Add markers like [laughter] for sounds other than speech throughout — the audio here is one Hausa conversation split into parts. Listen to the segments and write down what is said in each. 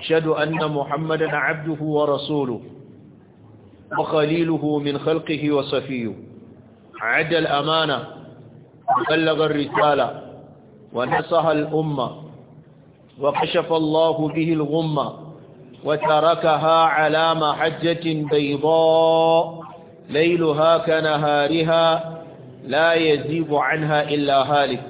أشهد أن محمدا عبده ورسوله وخليله من خلقه وصفيه عد الأمانة وبلغ الرسالة ونصح الأمة وكشف الله به الغمة وتركها على محجة بيضاء ليلها كنهارها لا يزيب عنها إلا هالك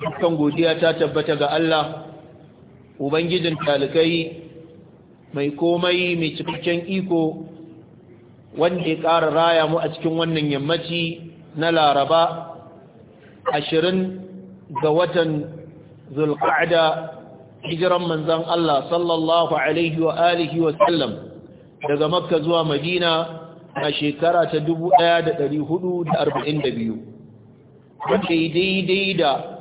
dukkan godiya ta tabbata ga Allah ubangijin talikai mai komai mai cikakken iko wanda ya ƙara raya mu a cikin wannan yammaci na laraba ashirin ga watan zulqa'da hijiran manzan Allah sallallahu alaihi wa alihi wa sallam daga makka zuwa madina a shekara ta da 1442 wanda daidai da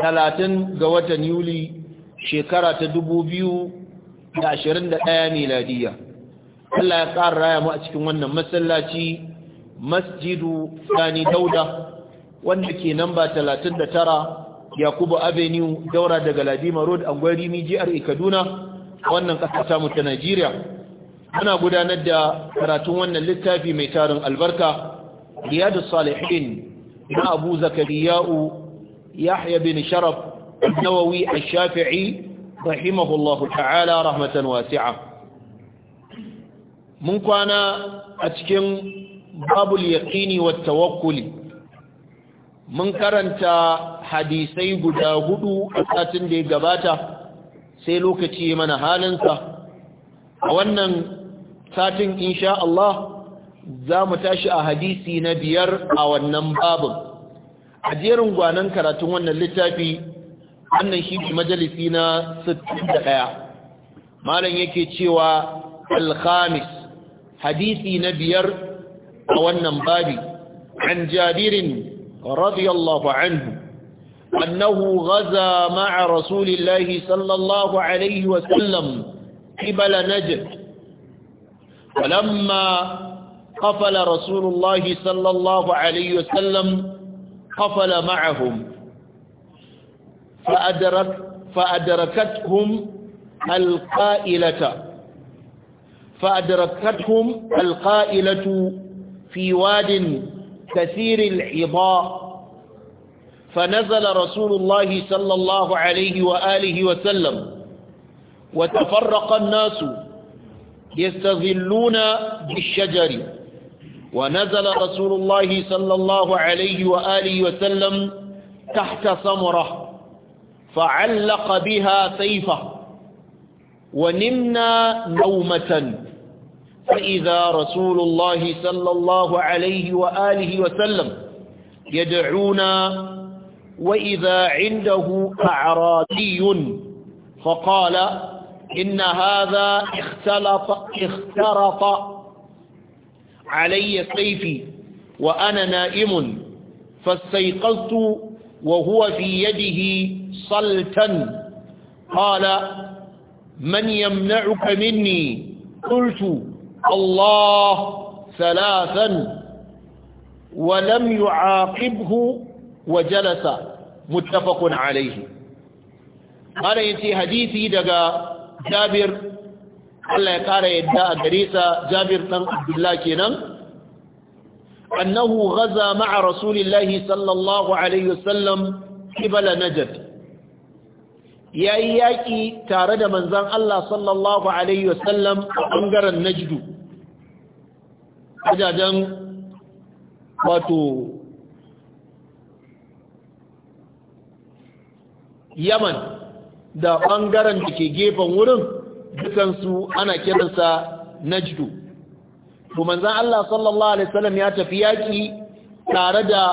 talatin ga watan yuli shekara ta dubu biyu da ashirin da ɗaya miladiya Allah ya ƙara raya mu a cikin wannan masallaci masjidu sani dauda wanda ke namba talatin da tara yakubu avenue daura daga ladima road angwari jihar kaduna wannan ƙasa tamu ta najeriya muna gudanar da karatun wannan littafi mai tarin albarka riyadu salihin na abu zakariya'u يحيى بن شرف النووي الشافعي رحمه الله تعالى رحمة واسعة من كان أتكن باب اليقين والتوكل من كرنت حديثي قد هدو أساتن دي قباته سيلوك تيمن هالنسة وأن ساتن إن شاء الله za mu tashi a hadisi na biyar a wannan babin a jerin gwanan karatun wannan littafi wannan shi ne majalisi na 61 malam yake cewa al-khamis hadisi na biyar a wannan babi an jabirin radiyallahu anhu أنه غزا مع رسول الله صلى الله عليه وسلم قبل نجد ولما قفل رسول الله صلى الله عليه وسلم قفل معهم فأدرك فأدركتهم القائلة فأدركتهم القائلة في واد كثير العضاء فنزل رسول الله صلى الله عليه وآله وسلم وتفرق الناس يستظلون بالشجر ونزل رسول الله صلى الله عليه وآله وسلم تحت ثمرة فعلق بها سيفه ونمنا نومة فإذا رسول الله صلى الله عليه وآله وسلم يدعونا وإذا عنده أعرابي فقال إن هذا اختلط, اخترط علي سيفي وأنا نائم فاستيقظت وهو في يده صلتا قال من يمنعك مني قلت الله ثلاثا ولم يعاقبه وجلس متفق عليه قال يتي حديثي دقى جابر Allah ya ƙara yadda a gare sa Jabir ɗan Abdullah kenan annahu ghaza ma'a rasulillahi sallallahu alaihi wasallam qibala najd yayi yaki tare da manzon Allah sallallahu alaihi wasallam a bangaren najd wajajen wato Yaman da bangaren da ke gefen wurin dukansu ana kiransa najdu to manzan Allah sallallahu alaihi wasallam ya tafi yaki tare da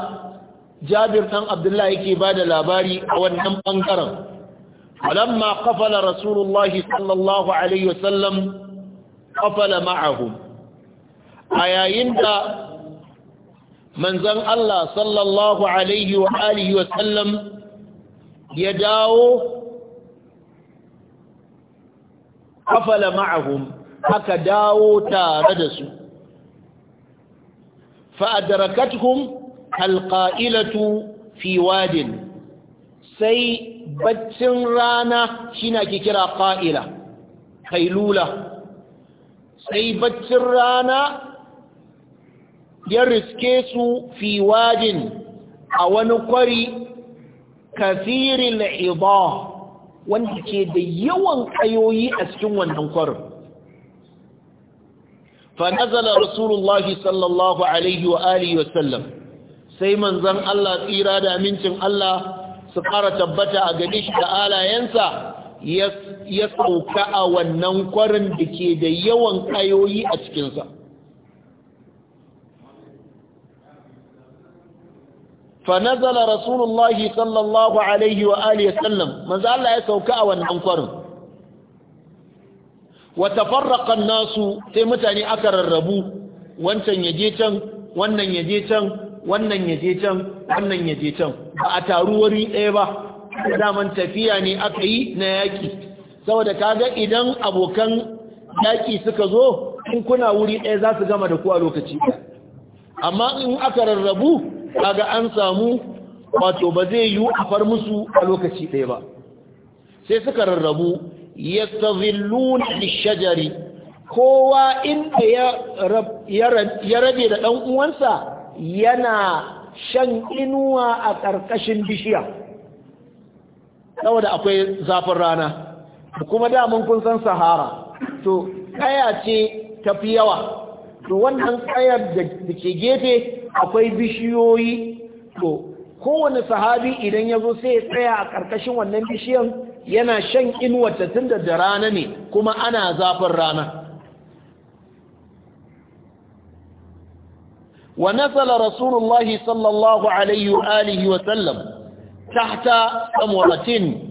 Jabir dan Abdullah yake bada labari a wannan bangaren falamma qafala rasulullahi sallallahu alaihi wasallam qafala ma'ahum ayayin da manzan Allah sallallahu alaihi wa alihi wasallam ya dawo kafala ma'ahum aka dawo tare da su fa'adarakatuhum alƙa'ilatu fi wadin sai baccin rana shi na ke kira ƙa'ila kailula sai baccin rana ya riske su fi wadin a wani kwari kafirin iba wanda ke da yawan ƙayoyi a cikin wannan kwarin fa nazala sallallahu alaihi wa alihi wa sallam sai manzon Allah tsira da amincin Allah su ƙara tabbata a gare shi da alayensa ya sauka a wannan kwarin da ke da yawan kayoyi a cikinsa فنزل رسول الله صلى الله عليه وآله وسلم من ذا الله يسوكا والعنقر وتفرق الناس تمتني أكر الربو وانتا يجيتا وانا يجيتا وانا يجيتا وانا يجيتا فأتاروري إيبا إذا من ne أكي yi سوى دكاغا إذن أبو كان abokan سكزو إن كنا in إيزا سجمد ɗaya za su gama da ku kaga an samu wato ba zai yi a far musu a lokaci ɗaya ba sai suka rarrabu ya tazilluna shajari kowa inda ya rabe da ɗan uwansa yana shan inuwa a ƙarƙashin bishiya saboda akwai zafin rana kuma daman kun san sahara to kaya ce tafi yawa to wannan kayar da ke gefe akwai bishiyoyi to kowane sahabi idan ya zo sai ya tsaya a ƙarƙashin wannan bishiyan yana shan inuwata tun da rana ne kuma ana zafin rana wa nasala rasulullahi sallallahu alaihi wa sallam tahta samuratin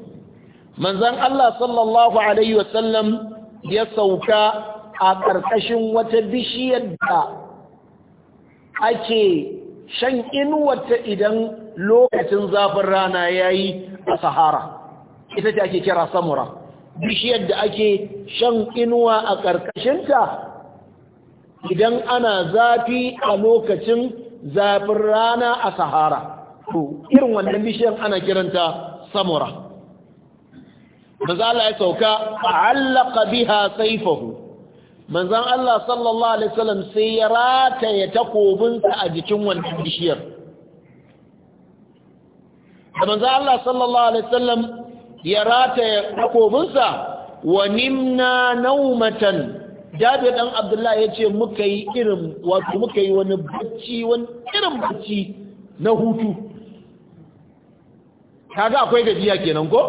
manzon Allah sallallahu alaihi wa sallam ya sauka a ƙarƙashin wata bishiyar da ake shan ta idan lokacin zafin rana ya yi a sahara ita ce ake kira samura bishiyar da ake shan inuwa a ƙarƙashinta idan ana zafi a lokacin zafin rana a sahara to irin wannan bishiyar ana kiranta samura mazala ya sauka a allaka biha saifahu manzan Allah sallallahu Alaihi wasallam sai ya rataya takobinsa a jikin wannan bishiyar da manzan Allah sallallahu Alaihi wasallam ya rataya takobinsa wa nimna naumatan jabir dan abdullahi ya ce muka yi irin wato muka yi wani bacci wani irin bacci na hutu kaga akwai gajiya kenan ko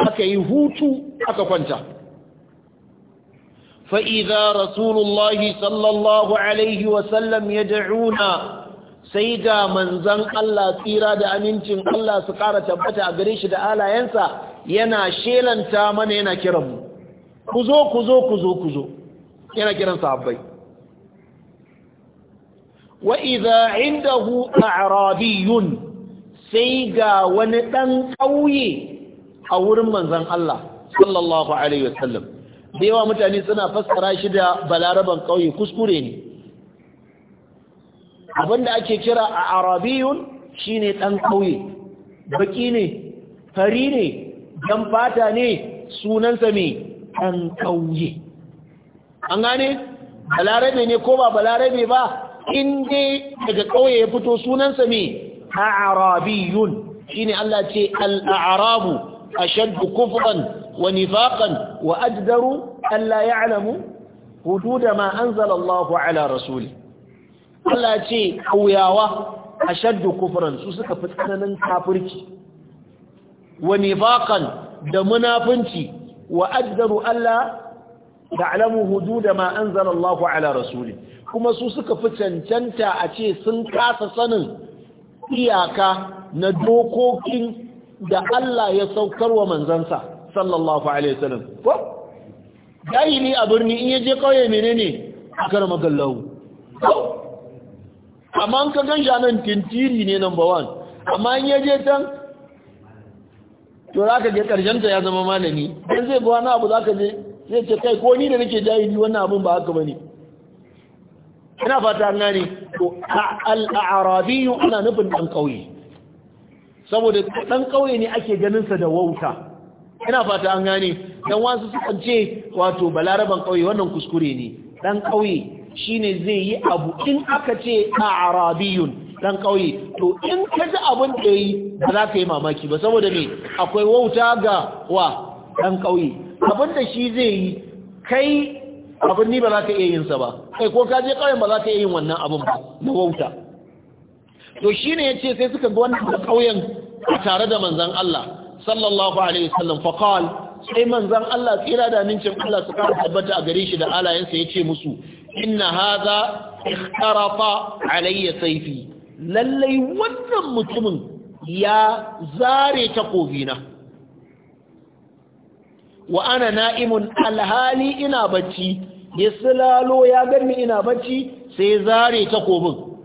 aka yi hutu aka kwanta Fa'iza رسول الله صلى الله عليه وسلم يدعونا sai ga manzan Allah tsira da amincin Allah su ƙara tabbata a gare shi da alayensa yana shelanta mana yana kiranmu ku zo ku zo ku zo ku zo yana kiran sahabbai wa idza indahu a'rabiyun sai ga wani ɗan ƙauye a wurin manzan Allah sallallahu alaihi wasallam da yawa mutane suna fassara shi da balaraban ƙauye kuskure ne abinda ake kira a arabiyun shine ɗan ƙauye baki ne fari ne dan fata ne sunansa mai ɗan ƙauye an gane balarabe ne ko ba balarabe ba in dai daga ƙauye ya fito sunansa mai a arabiyun shine Allah ce al a shaddu kufran ونفاقا وأجدروا ألا يعلموا حدود ما أنزل الله على رسوله Allah ce kauyawa a shaddu kufuran su kafirci wa da munafunci wa ajdaru Allah ta'lamu hudud ma anzala Allah ala rasuli kuma su suka fi cancanta a ce sun kasa sanin iyaka na dokokin da Allah ya saukar wa manzansa sallallahu alaihi wasallam ko jahili a birni in yaje kauye menene akar magallahu amma an ka ganja nan tintiri ne number 1 amma in yaje tan to za ka je karshen ta ya zama malami dan zai ga na abu ka je zai ce kai ko ni da nake jahili wannan abun ba haka bane ina fata an gane to al-a'rabi ana nufin dan kauye saboda dan kauye ne ake ganin sa da wauta ina fata an gane dan wasu sukan ce wato balaraban kauye wannan kuskure ne dan kauye shine zai yi abu in aka ce a arabiyun dan kauye to in ka ji abin da yi ba za ka yi mamaki ba saboda me akwai wauta ga wa dan kauye abin da shi zai yi kai abin ni ba za ka iya yin sa ba kai ko ka je kauyen ba za ka iya yin wannan abun? ba na wauta to shine yace sai suka ga wannan kauyen tare da manzon Allah sallallahu alaihi wasallam fa sai manzon Allah tsira da nincin Allah su kara tabbata a gare shi da alayensa yace musu inna hadha ikhtarafa alayya sayfi lallai wannan mutumin ya zare takobina wa ana na'imun alhali ina bacci ya ya gani ina bacci sai zare takobin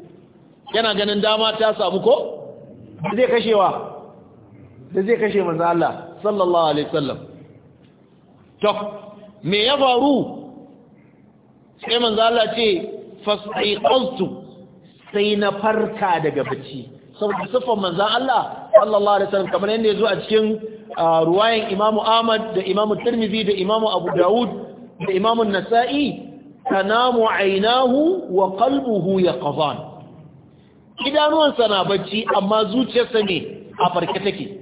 yana ganin dama ta samu ko zai kashewa da zai kashe manzo Allah sallallahu alaihi wasallam to me ya faru sai manzo Allah ce fasaiqaltu sai na farka daga bacci saboda sifan manzo Allah sallallahu alaihi wasallam kamar yadda yazo a cikin ruwayan Imam Ahmad da Imam Tirmidhi da Imam Abu Dawud da Imam Nasa'i tanamu aynahu wa qalbuhu yaqzan idanuwansa na bacci amma zuciyarsa ne a farke take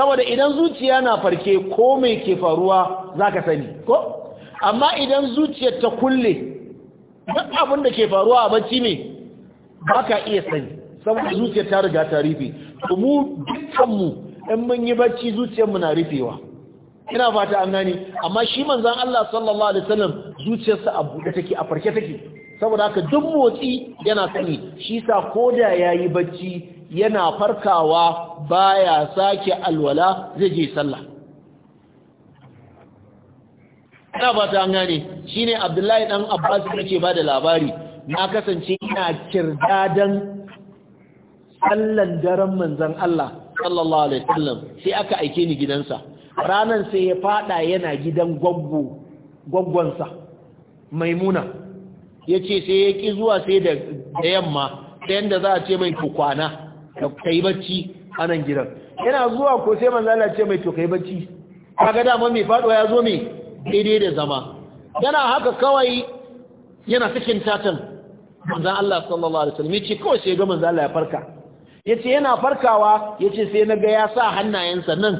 saboda idan zuciya na farke ko mai ke faruwa za ka sani ko amma idan zuciyar ta kulle duk abin da ke faruwa a bacci ne ba ka iya sani saboda zuciyar ta riga ta rufe mu dukkanmu in mun yi bacci zuciyarmu na rufewa ina fata an gani amma shi manzan Allah sallallahu alaihi wasallam zuciyarsa a buɗe take a farke take saboda haka duk motsi yana sani shi sa koda yayi bacci yana farkawa baya sake alwala zai je sallah ina ba ta gane shine Abdullahi dan Abbas yake ba da labari na kasance ina kirdadan sallan daren manzon Allah sallallahu alaihi wasallam sai aka aike ni gidansa ranan sai ya fada yana gidan gwaggo gwaggonsa maimuna yace sai ya ki zuwa sai da yamma sai da za a ce mai kwana ka yi bacci a nan gidan yana zuwa ko sai manzo Allah ce mai to ka yi bacci kaga dama mai faɗo ya zo mai daidai da zama yana haka kawai yana cikin tatan manzo Allah sallallahu alaihi wasallam yace kawai sai ga manzo Allah ya farka yace yana farkawa yace sai naga ya sa hannayensa nan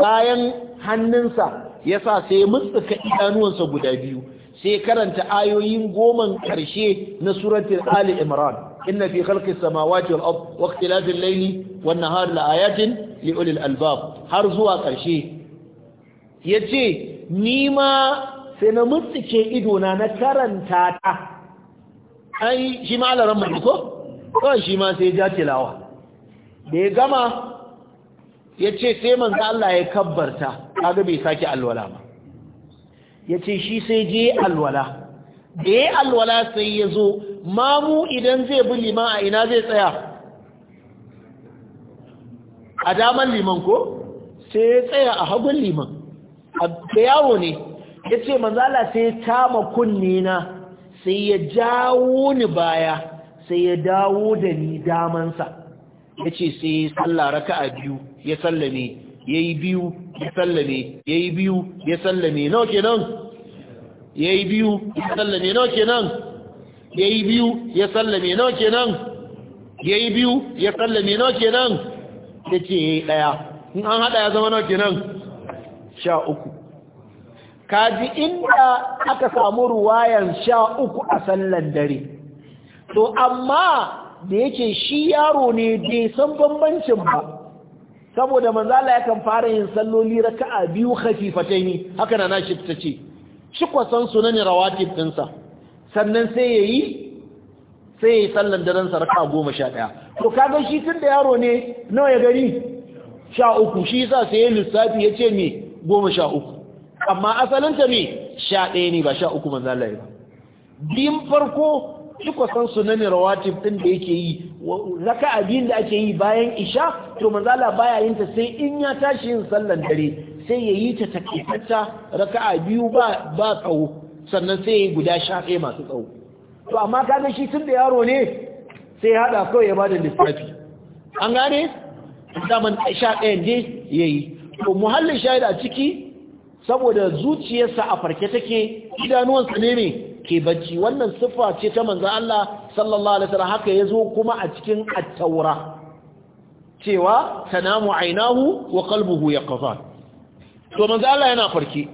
bayan hannunsa ya sa sai mutsuka idanuwansa guda biyu sai karanta ayoyin goman karshe na suratul Ali Imran inna fi khalqis samawati wal ard wa ikhtilafil layli wan nahari la ayatin li ulil albab har zuwa karshe yace ni ma sai na mutsike ido na na karanta ta ai shi ma alaran mu ko shi ma sai ja tilawa da ya gama yace sai manzo Allah ya kabbarta kaga bai sake alwala ba yace shi sai je alwala da ya alwala sai ya zo mamu idan zai bi liman a ina zai tsaya a daman liman ko sai ya tsaya a hagun liman da yawo ne ya ce manzala sai ya tama kunni na sai ya jawo ni baya sai ya dawo da ni damansa ya ce sai ya tsalla raka a biyu ya sallame ya yi biyu ya sallame ya yi biyu ya sallame nawa nan? ya yi biyu ya sallame nawa kenan ya yi biyu ya sallame nawa kenan ya yi biyu ya sallame nawa kenan da ce ya yi ɗaya in an haɗa ya zama nawa kenan sha uku kaji inda aka samu ruwayan sha uku a sallan dare to amma da yake shi yaro ne bai san bambancin ba saboda manzala yakan fara yin salloli raka'a biyu ne, haka na ta tace cikwasan ne rawatib ɗinsa sannan sai ya yi sai ya yi sallan daren sarka goma sha ɗaya to kaga shi tun da yaro ne nawa ya gari sha uku shi sa sai ya lissafi ya ce me goma sha uku amma ta me sha ɗaya ne ba sha uku manzan lai ba biyun farko cikwasan ne rawatib din da yake yi raka abin da ake yi bayan isha to manzala baya yin ta sai in ya tashi yin sallan dare sai ya yi ta takaitatta raka'a biyu ba ba tsawo sannan sai ya yi guda sha masu tsawo to amma kaga shi tun da yaro ne sai ya haɗa kawai ya ba da lissafi an gane daman sha ɗaya ne ya yi to muhallin shahid a ciki saboda zuciyarsa a farke take idanuwansa ne ne ke bacci wannan siffa ce ta manzo Allah sallallahu alaihi wasallam haka yazo kuma a cikin at-taura cewa tanamu ainahu wa qalbuhu yaqfan to manzo Allah yana farke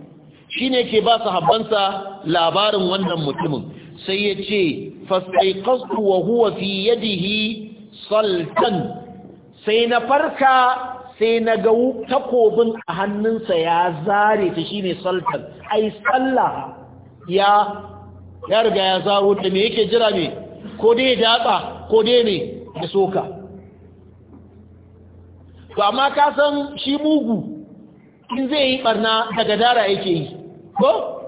shine yake ba sahabbansa labarin wannan mutumin sai ya ce fastaiqastu wa huwa fi yadihi saltan sai na farka sai na ga takobin a hannunsa ya zare ta shine sultan ai sallah ya ya riga ya zaro ta me yake jira me ko dai datsa ko dai ne da soka to amma ka san shi mugu in zai yi barna daga dara yake yi ko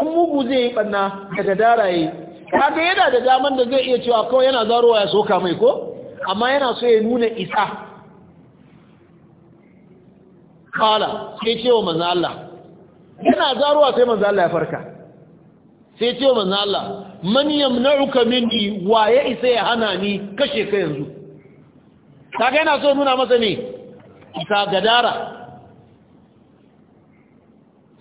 in mugu zai yi barna daga dara yi kaga yana da daman da zai iya cewa kawai yana zarowa ya soka mai ko amma yana so ya nuna isa kala sai ce wa manzo Allah yana zarowa sai manzo Allah ya farka sai ce wa manzo Allah man yamna'uka minni wa ya isa ya hana ni kashe ka yanzu kaga yana so ya nuna masa ne isa gadara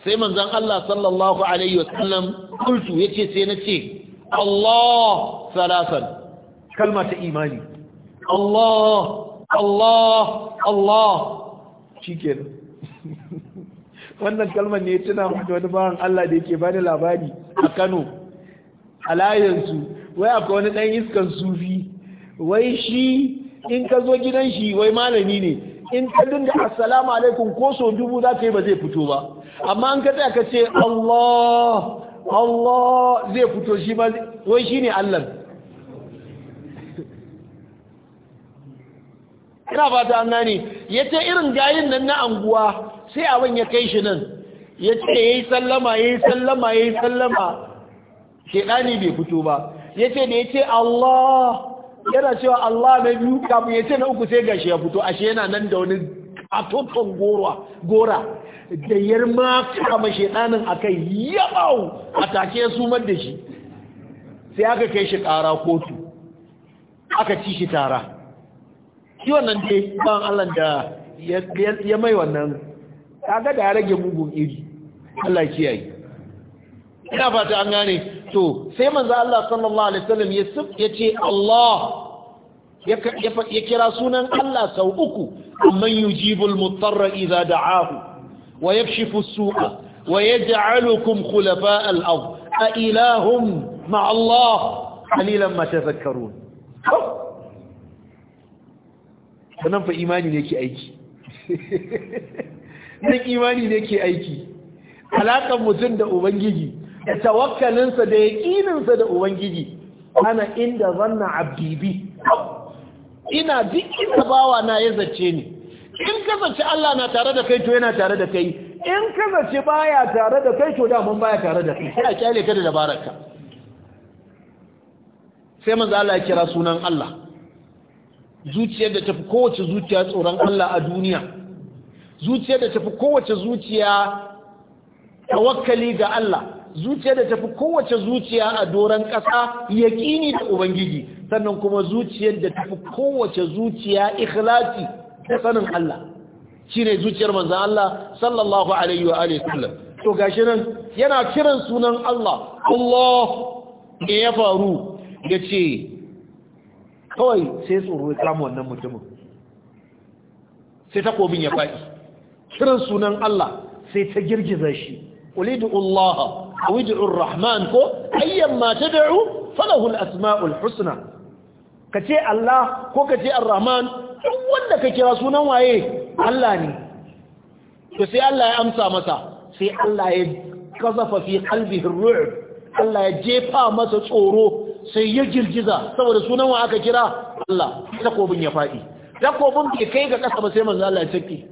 sai manzon Allah sallallahu alaihi wasallam kultu ya ce sai na ce Allah salasan kalma ta imani Allah Allah Allah cikin. [laughs] wannan kalmar ne tana mutu wani bawan Allah da yake bani labari a Kano a layansu wai akwai wani ɗan iskan sufi wai shi in ka zo gidan shi wai malami ne in ka dinga assalamu alaikum ko so dubu za ka yi ba zai fito ba amma an ka tsaya ka ce Allah Allah zai fito shi ba wai ne Allah ina fata an gane ce irin gayin nan na anguwa sai abin ya kai shi nan ya ce ya yi sallama ya yi sallama ya yi sallama shedani bai fito ba ya ce da ya ce Allah yana cewa Allah na biyu kafin ya ce na uku sai gashi ya fito ashe yana nan da wani katoton gora gora da yarma kama shedanin akai a take su mar da shi sai aka kai shi kara kotu aka ci shi tara shi wannan dai ban Allah da ya mai wannan kaga da ya rage mugun iri Allah kiyaye ina fata an gane to sai manzo Allah sallallahu alaihi wasallam ya ya ce Allah ya kira sunan Allah sau uku amman yujibul mutarra idza da'ahu wa yakshifu su'a wa yaj'alukum khulafa al-ard a ilahum ma Allah qalilan ma tadhakkarun sanan fa imani ne ke aiki [laughs] nan imani ne ke aiki alakan mutum da ubangiji da tawakkalinsa da yaƙininsa da ubangiji ana inda zanna abdibi ina duk inda bawa na ya zace ni in ka Allah na tare da kai to yana tare da kai in ka ba baya tare da kai to da mun baya tare da kai ya a kyale ka da dabararka sai maza Allah ya kira sunan Allah zuciyar da tafi kowace zuciya tsoron Allah a duniya zuciyar da tafi kowace zuciya tawakkali ga Allah zuciya da tafi kowace zuciya a doron ƙasa yaƙini da ubangiji sannan kuma zuciyar da tafi kowace zuciya ikhlasi da sanin Allah shine zuciyar manzon Allah sallallahu alaihi wa alihi sallam. to gashi nan yana kiran sunan Allah Allah me ya faru yace kawai sai tsoro ya kama wannan mutumin sai ta kobin ya faɗi kiran sunan Allah sai ta girgiza shi ulidu Allah a wajen rahman ko ayyan ma ta da'u falahul asma'ul husna ka ce Allah ko ka ce ar-rahman wanda ka kira sunan waye Allah ne to Allah ya amsa masa sai Allah ya kazafa fi qalbihi Allah ya jefa masa tsoro sai ya girgiza saboda sunan wa kira Allah takobin ya fadi takobin bai kai ga kasa ba sai manzo Allah ya saki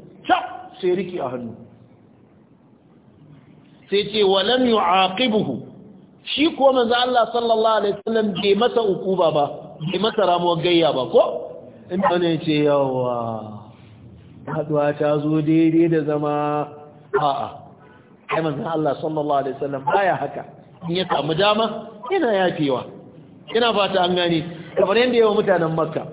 sai riki a hannu sai ce walam yu'aqibuhu shi ko manzo Allah sallallahu alaihi wasallam bai masa ukuba ba bai masa ramuwar gayya ba ko inda ne ce yawa haduwa ta zo daidai da zama a'a kai manzo Allah sallallahu alaihi wasallam baya haka in ya samu dama yana yafewa ina fata an gani kamar yanda yawa mutanen makka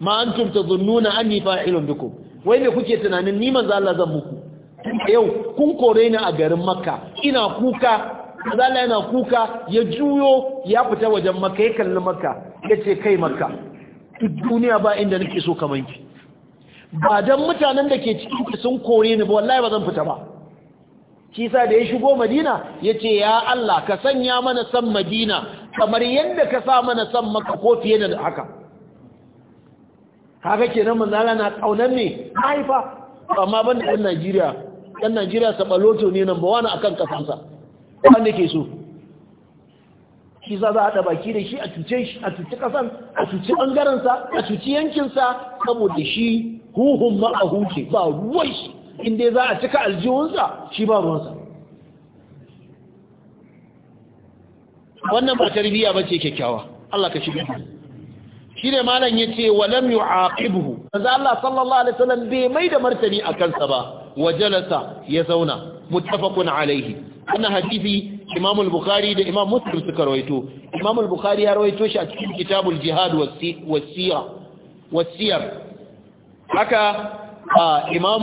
ma antum tadhunnuna anni fa'ilun bikum wai me kuke tunanin ni manzo Allah zan muku yau kun kore ni a garin makka ina kuka zala yana kuka ya juyo ya fita wajen makka ya kalli makka ya ce kai makka duk duniya ba inda nake so kamar ki ba dan mutanen da ke cikin ki sun kore ni ba wallahi ba zan fita ba kisa da ya shigo madina ya ce ya Allah ka sanya mana san madina kamar yadda ka sa mana san maka ko fiye da haka haka kenan manzala na kaunan ne haifa. amma ban da ɗan Najeriya ɗan najeriya saɓaloto ne nan ba wani a kan ƙasansa wanda ke so shi za a haɗa baki da shi a cuce a cuci ƙasan a cuci ɓangarensa a cuci yankinsa saboda shi huhun ma'ahu ce ba ruwan shi inda za a cika aljihunsa shi ba ruwansa wannan ba tarbiyya ba ce kyakkyawa Allah ka shiga shi ne malam ya ce walam yi aqibuhu maza Allah sallallahu alaihi wasallam bai mai da martani a kansa ba wa jalasa ya zauna muttafaqun alaihi wannan hadisi Imam al-Bukhari da Imam Muslim suka rawaito Imam al-Bukhari ya rawaito shi a cikin Kitabul Jihad was-Siyar haka Imam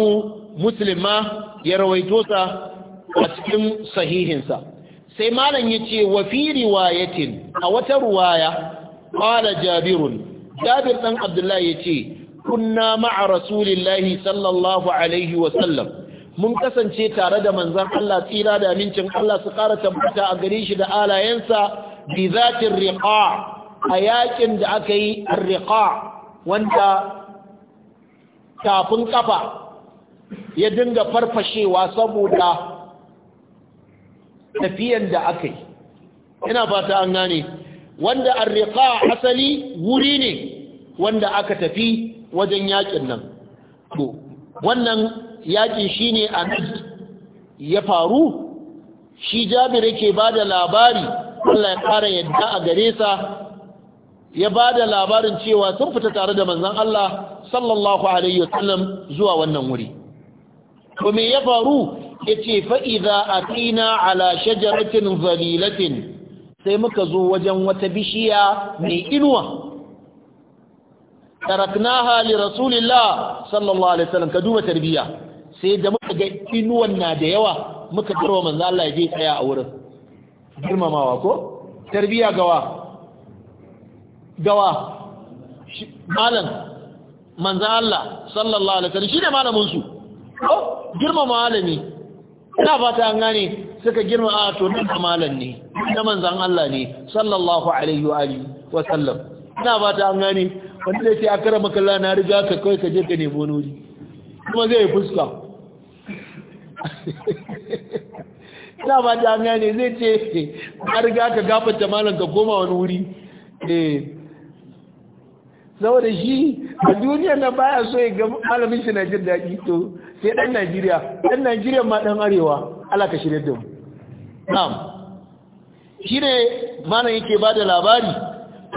Muslim ma ya rawaito sa a cikin sahihinsa sai malam yace wa fi riwayatin a wata ruwaya qala Jabirun Jabir dan Abdullahi yace kunna ma'a rasulillahi sallallahu alaihi wasallam mun kasance tare da manzan Allah tsira da amincin Allah su ƙara tabbata a gare shi da alayensa bi zatin riqa a yakin da aka yi riqa wanda tafin kafa ya dinga farfashewa saboda tafiyan da aka yi ina fata an gane wanda arriqa asali wuri ne wanda aka tafi wajen yakin nan to wannan yaki shine a ya faru shi jabir yake bada labari Allah ya kara yadda a gare sa ya bada labarin cewa sun fita tare da manzon Allah sallallahu alaihi wasallam zuwa wannan wuri to me ya faru yace fa idza atina ala shajaratin zalilatin sai muka zo wajen wata bishiya mai inuwa taraknaha li rasulillah sallallahu alaihi wasallam ka duba tarbiya sai da muka ga inuwan na da yawa muka garwa manzo Allah ya je tsaya a wurin girmamawa ko tarbiya gawa gawa malam manzo Allah sallallahu alaihi wasallam shine malamin su ko girma malami ina fata an gane suka girma a ah, to nan malam ne na manzon Allah ne sallallahu alaihi wa wa sallam ina fata an gane wanda zai ce a kara makalla na riga ka kawai ka je ka nemo wuri kuma zai fuska [laughs] ina ba ta hanya ne zai ce a riga ka gafata malam ka koma wani wuri eh. saboda shi a duniya na baya so ya ga malamin shi na jin daji to sai dan najeriya dan najeriya ma dan arewa ala ka shirya da mu shi ne malam yake ba da labari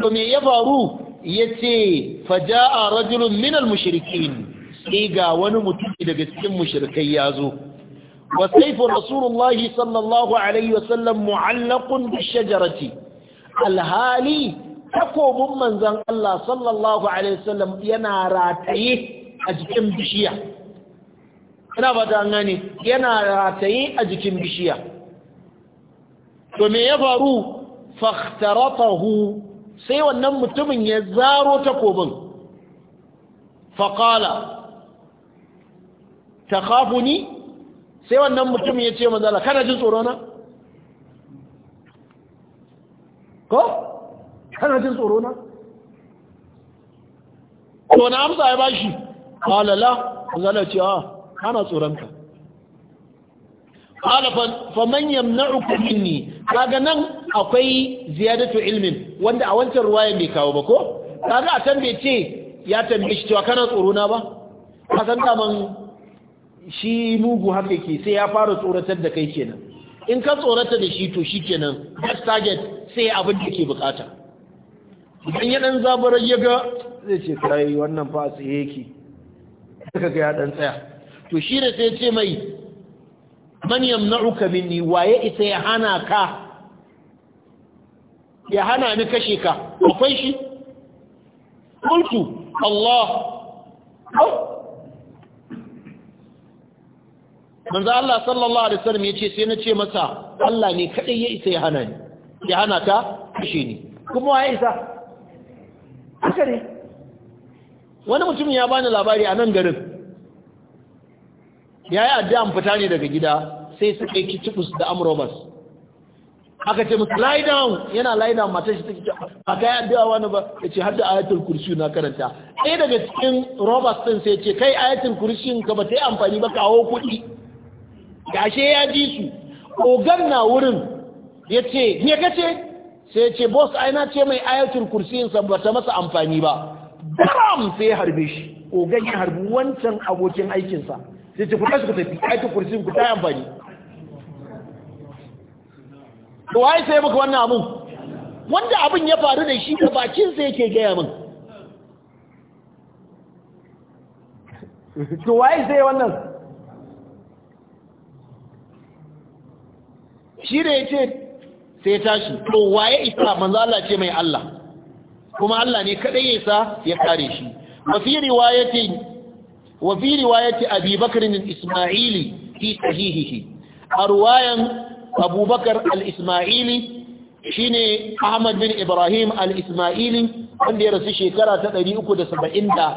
to me ya faru ya yace faja'a rajulun minal mushirikin sai ga wani mutum daga cikin ya zo wa sayfu rasulullahi sallallahu alaihi wasallam mu'allaqun bishajarati alhali takobin manzon Allah sallallahu alaihi wasallam yana rataye a jikin bishiya ina ba ta gane yana rataye a jikin bishiya to me ya faru fakhtaratahu sai wannan mutumin ya zaro takobin faƙala ta kafu ni sai wannan mutumin ya ce mazala kana jin tsoro na? ko? kana jin tsoro na? ko na amsa ya bashi ƙalala mazala ce a ah, kana tsoronka ƙala fa manyan na'uku kaga nan akwai ziyadatu ilmin wanda a wancan ruwa bai kawo ba ko kaga a can bai ce ya tambaye shi cewa kana tsoro na ba a san daman shi mugu haka yake sai ya fara tsoratar da kai kenan in ka tsorata da shi to shi kenan best target sai abin da ke bukata idan ya dan zabar ya ga zai ce kai wannan fa sai yake kaga ya dan tsaya to shi ne sai ce mai man yamna'uka minni waye isa ya hana ka ya hana ni kashe ka akwai shi qultu Allah manzo Allah sallallahu alaihi wasallam yace sai na ce masa Allah ne kadai ya isa ya hana ni ya hana ka kashe ni kuma waye isa haka wani mutum ya bani labari a nan garin ya yi addu'an fita ne daga gida sai suka yi da amrobas aka ce musu lie down yana lie down matashi suke ce ba ka yi addu'a wani ba ya ce har ayatul kursi na karanta ɗaya daga cikin robas ɗin sai ce kai ayatul kursi ka ba ta yi amfani ba kawo kuɗi gashe ya ji su ogan na wurin ya ce ne ka ce sai ce boss aina ce mai ayatul kursi sa ba ta masa amfani ba Bam sai ya harbe shi ogan ya harbi wancan abokin aikinsa sai ce ku tashi ku tafi ku kursin ku ta amfani to wai sai muka wannan abun wanda abin ya faru da shi da bakin sa yake gaya min [laughs] to wai sai wannan shi da yace sai tashi to waye isa manzo Allah ce mai Allah kuma Allah ne kadai ya isa ya kare shi wa fi ce. wa yace riwayati al-isma'ili fi sahihihi a ruwayan abubakar al-isma'ili shine ahmad bin ibrahim al-isma'ili wanda ya rasu shekara ta da 371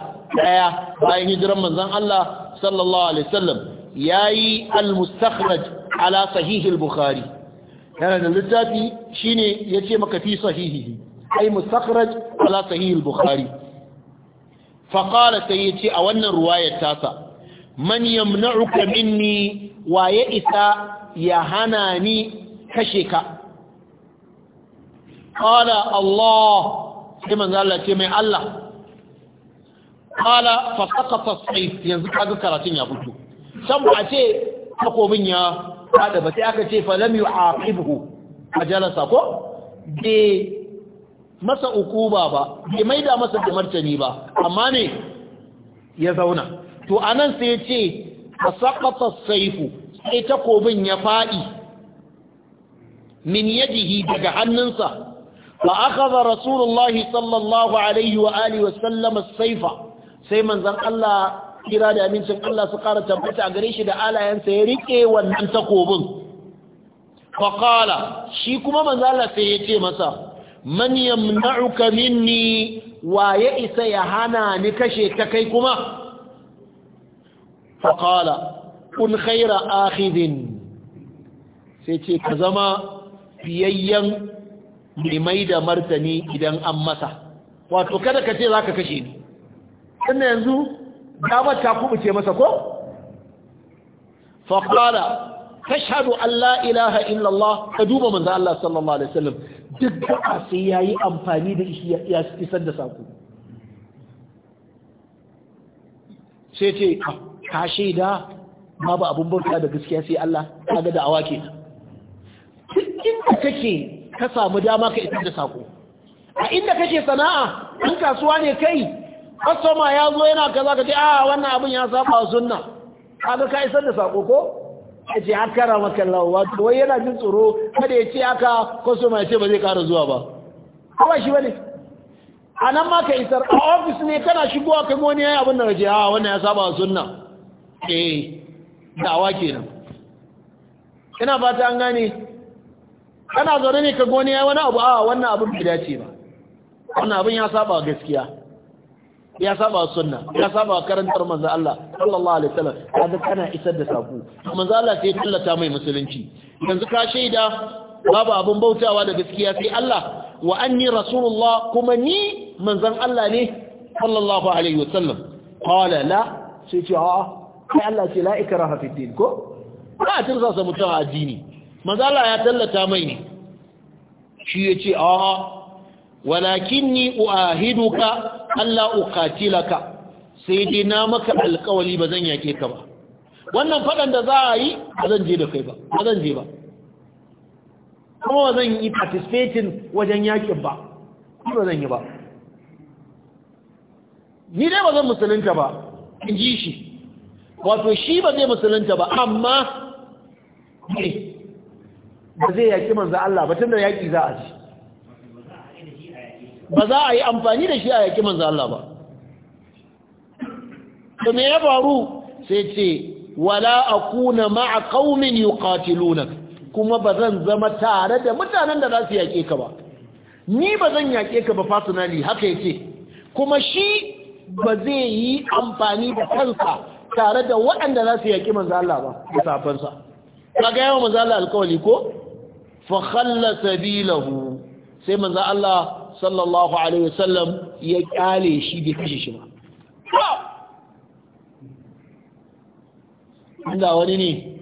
bayan hijiran manzon Allah sallallahu alaihi wasallam yayi al-mustakhraj ala sahih al-bukhari yana da littafi shine yace maka fi sahihihi ai mustakhraj ala sahihil al-bukhari faƙala ta ya ce a wannan ruwayar tasa man yamna'uka minni ya isa ya hana ni kashe ka ƙala Allah sai manzo Allah ce mai Allah ƙala fasaqata sayf yanzu kaga karatun ya fito san ba ce takobin ya kada ba sai aka ce falam a ajalasa ko be masa ukuba ba bai maida masa da martani ba amma ne ya zauna to anan sai ce a saƙafa saifu sai takobin ya faɗi min yadihi daga hannunsa fa akhadha rasulullah sallallahu alaihi wa alihi wa saifa sai manzan Allah kira da amincin Allah su kara tabbata a gare shi da alayansa ya rike wannan takobin fa shi kuma manzon Allah sai ya ce masa man yamna'uka minni wa ya isa ya hana ni kashe ta kai kuma faƙala kun khaira akhidin sai ce ka zama fiyayyen mai da martani idan an masa wato kada ka ce za ka kashe ni inda yanzu damar ta kubuce masa ko? faƙala tashhadu an la ilaha illallah ka duba manzo Allah sallallahu alaihi wasallam duk gaba sai ya yi amfani da ya isar da saku sai ce ah, ka shaida ma ba abin bauta da gaskiya sai Allah ta ga da'awa ke duk inda kake ka samu dama ka isar da saku a inda kake sana'a in kasuwa ne kai kwastoma ya zo yana kaza ka ce a ah, wannan abin ya saba sunna ga ka isar da saku ko ya ce aka rama kallawa wato wai yana jin tsoro kada ya ce aka kwastoma ya ce ba zai kara zuwa ba kuma shi ba ne a nan ma ka isar a ofis ne kana shigowa kai wani ya yi abin da rage a ah, wannan ya saba sunna eh dawa kenan ina fata an gane kana zaune ne ka goni ya wani abu a ah, wannan abin bai dace ba wannan abin ya saba gaskiya ya saba sunna ya saba karantar manzo Allah sallallahu alaihi wasallam kaga kana isar da sako manzo Allah sai tallata mai musulunci yanzu ka shaida babu abin bautawa da gaskiya sai Allah wa anni rasulullah kuma ni manzon Allah ne sallallahu alaihi wasallam qala la sai ce a kai Allah ce la ikraha fi din ko ba a tirsa sa mutum a addini manzo Allah ya tallata mai ne shi yace a walakinni uahiduka alla uqatilaka sai dai na maka alkawali ba zan yake ka ba wannan fadan da za a yi ba zan je da kai ba ba zan je ba kuma ba zan yi participating wajen yakin ba ba zan yi ba ni dai ba zan musulunta ba in ji shi wato shi ba zai musulunta ba amma ne ba zai yaƙi manzan Allah ba tun da yaƙi za a ji ba za a yi amfani da shi a yaki manzan Allah ba to me ya faru sai ce wala akuna ma'a qaumin yuqatilunak kuma bazan zama tare da mutanen da za su yake ka ba ni bazan yake ka ba personally haka ce. kuma shi ba zai yi amfani da kansa tare da waɗanda za su yaki manzo Allah ba da safansa kaga yawa manzo Allah alƙawali ko fa khalla sabilahu sai manzo Allah sallallahu alaihi wasallam ya kyale shi da kashe shi ba inda wani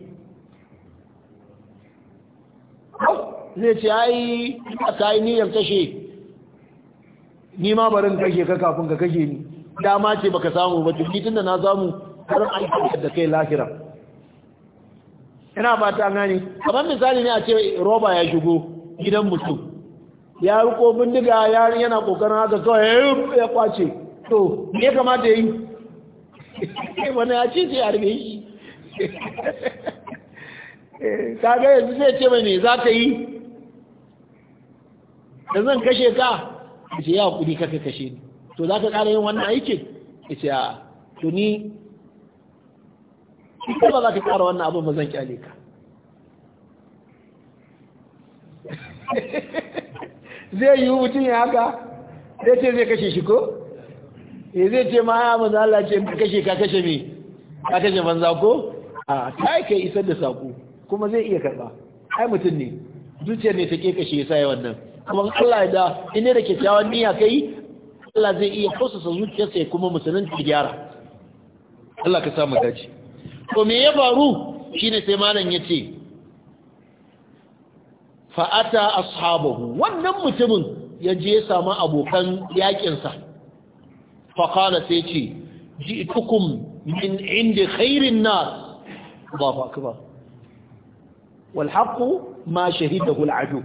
ne zai ce yi ka yi niyyar kashe ni ma barin kashe ka kafin ka kashe ni dama ce baka samu ba tuki tunda na samu karin aiki da kai lahira ina ba ta gani kamar misali ne a ce roba ya shigo gidan mutum ya riko bindiga yarin yana kokarin haka kawai ya kwace to me kamata ya yi [laughs] wani ya ce sai ya rube shi Eh, kaga yanzu zai ce mai me za ka yi da zan kashe ka a ce ya kudi kaka kashe ni to za ka ƙara yin wannan aikin ya ce to ni ita ba za ka ƙara wannan abin ba zan kyale ka [laughs] zai yi mutum ya haka zai ce zai kashe shi ko eh, zai ce ma ya mazala Allah ce kashe ka kashe me ka kashe banza ko a ta yake isar da saƙo. kuma zai iya karɓa. ai mutum ne zuciyar ne ta ke kashe sa yawan nan kuma Allah ya da inda da kyakkyawan niyya kai Allah zai iya kausasa zuciyarsa ya kuma musulunci gyara Allah ka samu dace to me ya faru shine sai malam yace ce ata ashabahu wannan mutumin ya je ya samu abokan fa qala sai ce ji tukum min inda khairin nas Allahu akbar ma shahidahu al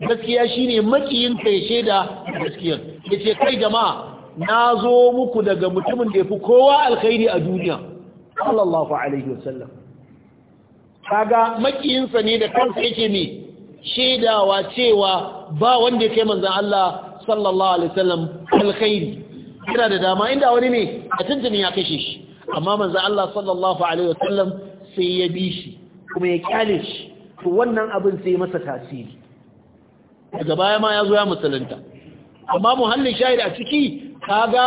gaskiya shine makiyin ya shaida gaskiya yace kai jama'a na zo muku daga mutumin da ya fi kowa alkhairi a duniya sallallahu alaihi wasallam kaga makiyinsa ne da kansa yake ne shaidawa cewa ba wanda ya kai manzon Allah sallallahu alaihi wasallam alkhairi yana da dama inda wani ne a tuntuni ya kashe shi amma manzon Allah sallallahu alaihi wasallam sai ya bi shi kuma ya kyale shi to wannan abin sai masa tasiri daga baya ma ya zo ya musulunta amma muhallin shahid a ciki kaga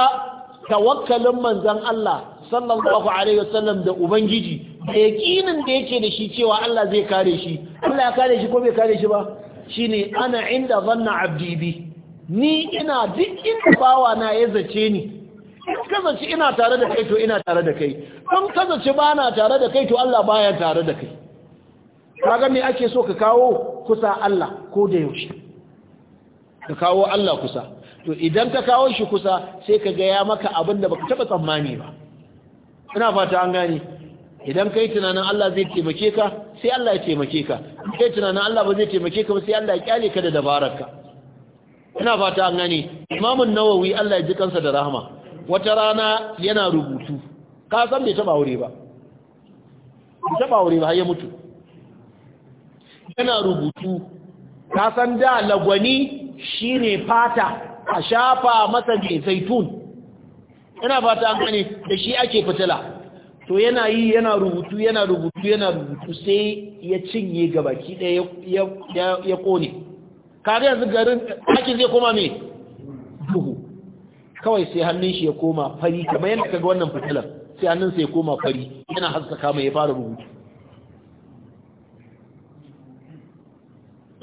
tawakkalin manzon Allah sallallahu alaihi wasallam da ubangiji da yakinin da yake da shi cewa Allah zai kare shi Allah ya kare shi ko bai kare shi ba shine ana inda zanna abdibi ni ina duk inda bawa na ya zace ni in kasance ina tare da kai to ina tare da kai in kasance ba na tare da kai to Allah baya tare da kai kaga me ake so ka kawo kusa Allah ko da yaushe ka kawo Allah kusa to idan ka kawo shi kusa sai ka ga ya maka abin da baka taba tsammani ba ina fata an gane idan kai tunanin Allah zai taimake ka sai Allah ya taimake ka kai tunanin Allah ba zai taimake ka ba sai Allah ya kyale ka da dabararka ina fata an gane Imam Nawawi Allah ya ji kansa da rahama wata rana yana rubutu ka san bai taba aure ba bai taba aure ba har ya mutu yana rubutu ka san da lagwani shine fata a shafa masa mai zaitun yana fata an gane da shi ake fitila to yana yi yana rubutu yana rubutu yana rubutu sai ya cinye gabaki daya ya kone kariya yanzu garin ɗakin zai koma mai duhu kawai sai hannun shi ya koma fari kamar yadda kaga wannan fitilar sai hannun sai ya koma fari yana haskaka mai ya fara rubutu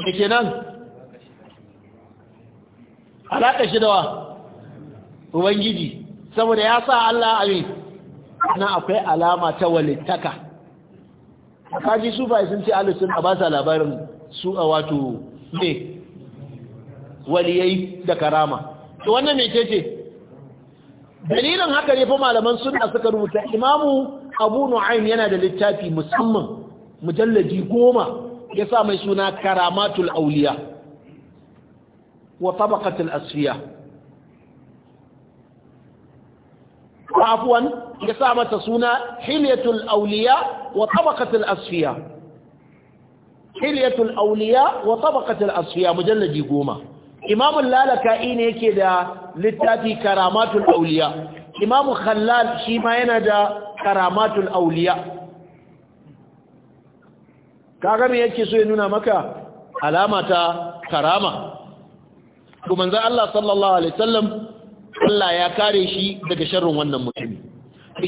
ne kenan alaƙa shi da wa ubangiji saboda ya sa Allah amin na akwai alama ta walittaka kaji su ba sun ce alisun a ba sa labarin su a wato ne waliyai da karama to wannan mai ce ce dalilin haka ne fa malaman sunna suka rubuta imamu abu nu'aym yana da littafi musamman mujallaji goma ya sa mai suna karamatul auliya wa tabaqatul asfiya afwan ya sa mata suna hilyatul auliya wa tabaqatul asfiya hilyatul auliya wa tabaqatul asfiya mujallaji goma imamun lalaka'i ne yake da littafi karamatul auliya imamu khallal shi ma yana da karamatul auliya kaga me yake so ya nuna maka alama ta karama to manzo Allah sallallahu alaihi wasallam Allah ya kare shi daga sharrin wannan mutumi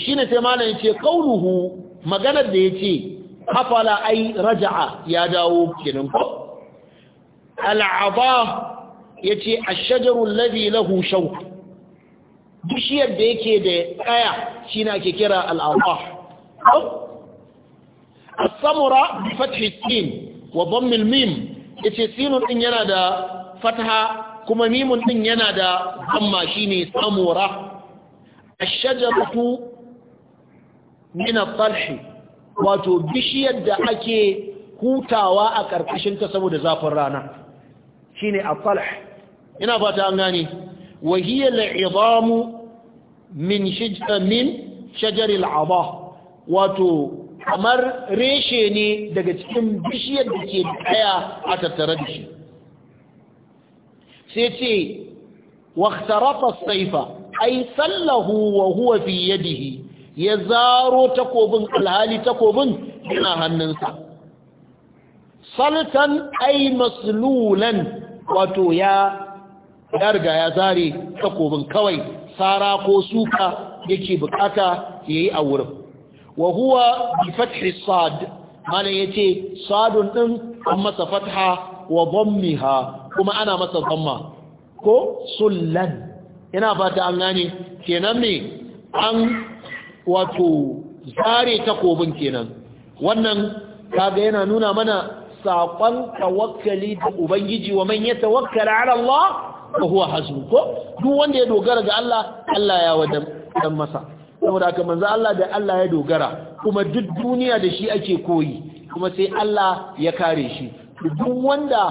shine sai malam yace qauluhu maganar da yace hafala ai raja'a ya dawo kenan ko al'aba ya ce a shajarun lazi lahu shau bishiyar da yake da kaya shi na ke kira Al'awa, a samura fathi sin wa mim ya ce sinun ɗin yana da fataha kuma mimun ɗin yana da zamma shi ne samura a shajaratu mina falshi wato bishiyar da ake hutawa a ƙarƙashinta saboda zafin rana shi ne a falshi ina fata an gane wa hiya al'izamu min shijra min wato kamar reshe ne daga cikin bishiyar da ke daya a tattare da shi sai ce waqtarafa saifa ai sallahu wa huwa fi yadihi ya zaro takobin alhali takobin yana hannunsa saltan ai maslulan wato ya ya riga ya zare takobin kawai sara ko suka yake bukata yi a wurin wa huwa bi fathi sad ya yace sadun ɗin an masa fatha wa dhammiha kuma ana masa dhamma ko sullan ina fata an gane kenan me an wato zare takobin kenan wannan kaga yana nuna mana saƙon tawakkali da ubangiji wa man ya tawakkala ala Allah fa huwa hasbu ko duk wanda ya dogara ga Allah Allah ya wadan dan masa saboda haka manzo Allah da Allah ya dogara kuma duk duniya da shi ake koyi kuma sai Allah ya kare shi duk wanda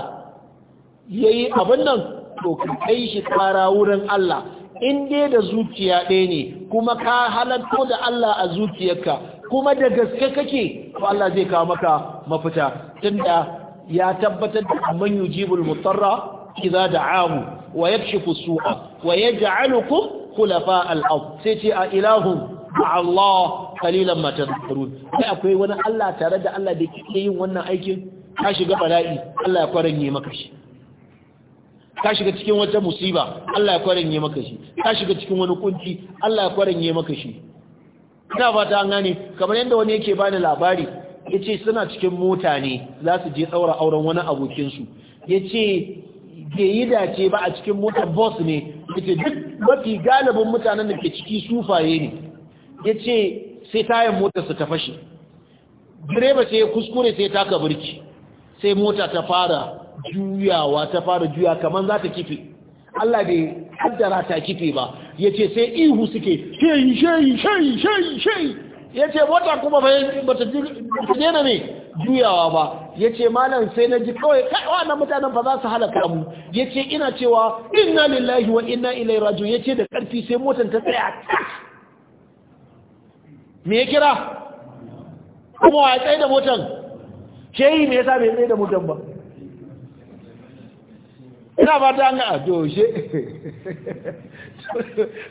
yayi abin nan to kai shi kara wurin Allah in dai da zuciya ɗaya ne kuma ka halatto da Allah a zuciyarka kuma da gaske kake to Allah zai kawo maka mafita tunda ya tabbatar da man yujibul mutarra idza da'ahu wa yakshifu su'a wa yaj'alukum khulafa al-ard sai ce a ilahun Allah kalilan ma tadhkurun sai akwai wani Allah tare da Allah da kike yin wannan aikin ka shiga bala'i Allah ya kwaranye maka shi ka shiga cikin wata musiba Allah ya kwaranye maka shi ka shiga cikin wani kunci Allah ya kwaranye maka shi ina fata an gane kamar yadda wani yake bani labari yace suna cikin mota ne za su je tsaura auren wani abokin su yace bai yi dace ba a cikin motar bus ne yace duk mafi galibin mutanen da ke ciki sufaye ne yace sai tayan motar su ta fashe direba sai kuskure sai taka birki sai mota ta fara juyawa ta fara juya kamar za ta kife Allah bai kaddara ta kife ba yace sai ihu suke shei shei shei shei shei yace mota kuma bai bata daina ne juyawa ba ya ce malam sai na ji kawai kaiwa na mutanen ba za su halaka mu ya ce ina cewa inna lillahi wa inna ilai rajo ya ce da ƙarfi sai motar ta tsaya me ya kira kuma wa ya tsaye da motar ke yi me sa mai tsaye da motar ba ina ba ta hanga a ah, doshe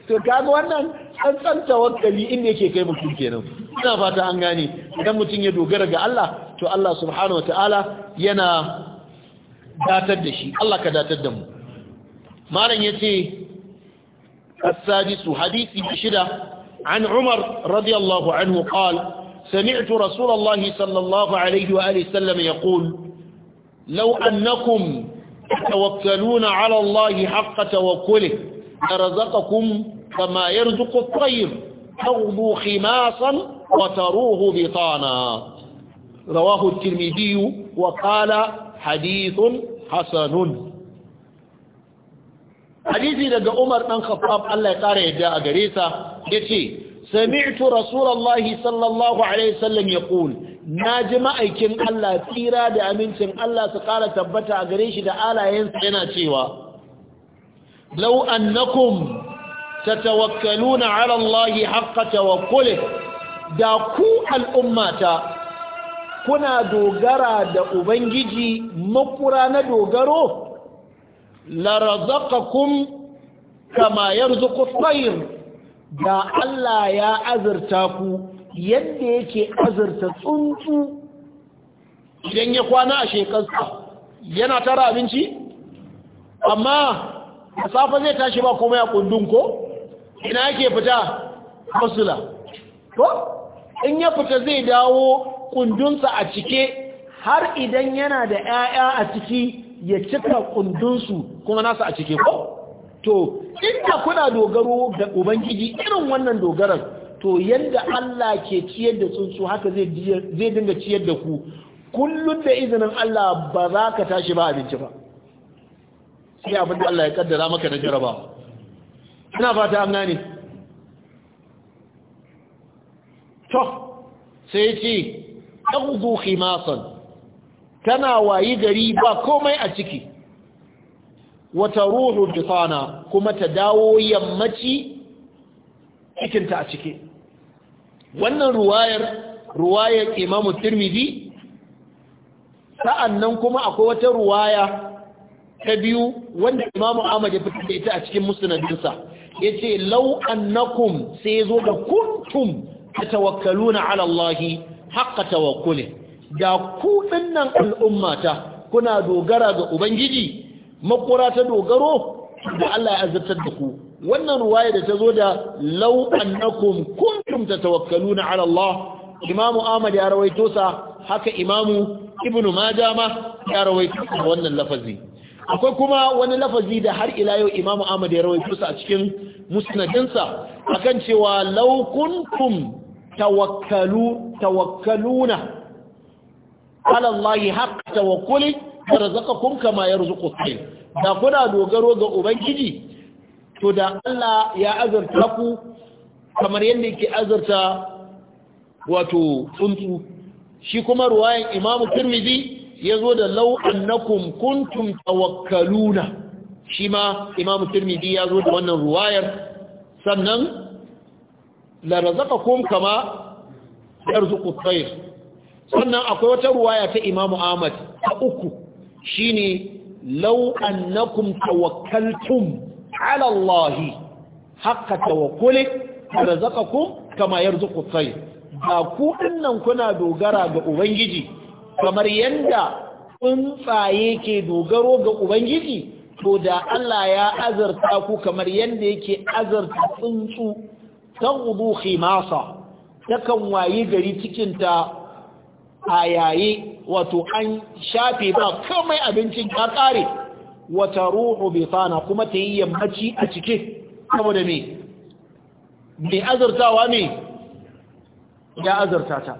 to [laughs] kaga wannan tsantsan tawakkali inda yake kai mutum kenan ina ba ta an gane idan mutum ya dogara ga Allah to Allah subhanahu ta'ala yana datar da shi Allah ka datar da mu malam yace as-sadis hadisi shida an Umar radiyallahu anhu qala سمعت رسول الله صلى الله عليه وآله وسلم يقول لو أنكم توكلون على الله حق توكله لرزقكم كما يرزق الطير تغضو خماصا وتروه بطانا rawahu tirmidiyu wa hadithun hasanun hadithi daga umar ɗan khafaf allah ya ƙara yadda a gare yace ya ce sallallahu alaihi sallam ya ƙul na ji ma'aikin allah tsira da amincin allah su ƙara tabbata a gare shi da alayensa yana cewa lau annakum tatawakkaluna ala allahi haqqa tawakkulih da ku al'ummata kuna dogara da ubangiji makura na dogaro larazaqakum kama yarzuqu tsayin. da Allah ya azurta ku yadda yake azurta tsuntsu idan ya kwana a shekarsa yana tara abinci amma a safa zai tashi ba kuma ya kundun ko ina yake fita masula? ko in ya fita zai dawo kundunsa a cike har idan yana da 'ya'ya a ciki ya cika kundunsu kuma nasa a cike ko to inda kuna dogaro da ubangiji irin wannan dogaran to yadda Allah ke ciyar da tsuntsu haka zai dinga ciyar da ku kullum da izinin Allah ba za ka tashi ba abinci ba sai abin da Allah ya kaddara maka na jaraba ina fata an gane to sai ce taqdu khimasan tana wayi gari ba komai a ciki wata ruhu bitana kuma ta dawo yammaci cikinta a ciki wannan ruwayar ruwayar imamu tirmidhi sa'annan kuma akwai wata ruwaya ta biyu wanda imamu ahmad ya fitar da ita a cikin musnadinsa ya ce annakum sai zo da kuntum tawakkalu na alallahi. haqqa tawakkuli da kuɗin nan al'ummata kuna dogara ga ubangiji makura ta dogaro da Allah ya azabtar da ku wannan waye da ta zo da law annakum kuntum tatawakkaluna ala Allah Imam Ahmad ya rawaito sa haka Imam Ibn Majah ma ya rawaito wannan lafazi akwai kuma wani lafazi da har ila yau Imam Ahmad ya rawaito sa a cikin musnadinsa akan cewa law kuntum tawakkalu tawakkaluna ala Allah haqq tawakkuli yarzaqakum kama yarzuqu da kuna dogaro ga ubangiji to da Allah ya azurta ku kamar yadda yake azurta wato tsuntsu shi kuma ruwayan imamu tirmidhi ya zo da lau annakum kuntum tawakkaluna shi ma imamu tirmidhi ya zo da wannan ruwayar sannan la razaqakum kama yarzuqu tayr sannan akwai wata ruwaya ta imamu Ahmad ta uku shine law annakum tawakkaltum ala Allah haqqa tawakkuli razaqakum kama yarzuqu tayr ba ku dinnan kuna dogara ga ubangiji kamar yanda tsuntsaye ke dogaro ga ubangiji to da Allah ya azarta ku kamar yanda yake azarta tsuntsu taghdu khimasa takan waye gari cikin ta ayaye wato an shafe ba komai abincin ka kare wata ruhu tsana kuma ta yi yammaci a cike saboda me me azurtawa ne ya azurta ta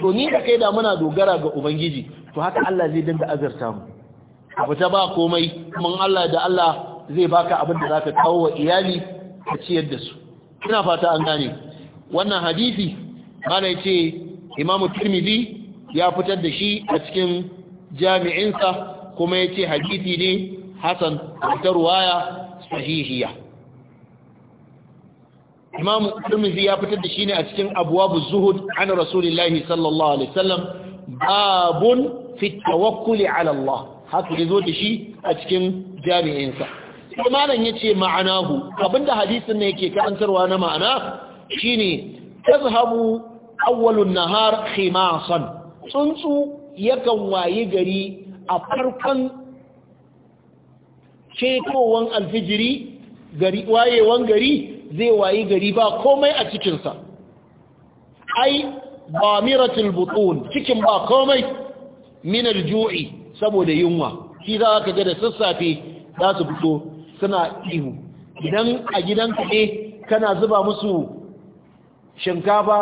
to ni da kai da muna dogara ga ubangiji to haka Allah zai dinga azurta mu abu ta ba komai mun Allah da Allah zai baka abin da zaka kawo wa iyali ka ciyar da su ina fata an gane wannan hadisi mana yace imamu tirmidhi ya fitar da shi a cikin jami'insa kuma yace hadisi ne hasan da ruwaya sahihiya imamu tirmidhi ya fitar da shi ne a cikin abwabu zuhud an rasulillahi sallallahu alaihi wasallam babun fi tawakkuli ala Allah haka yazo da shi a cikin jami'insa sai malam yace ma'anahu abinda hadisin ne yake karantarwa na ma'ana shine tazhabu awwalun nahar khimasan tsuntsu yakan waye gari a farkon cekowan alfijiri gari wayewan gari zai wayi gari ba komai a cikinsa ai bamiratul butun cikin ba komai min aljui saboda yunwa shi za ka ga da sassafe za su fito suna ihu idan a gidanka ne kana zuba musu shinkafa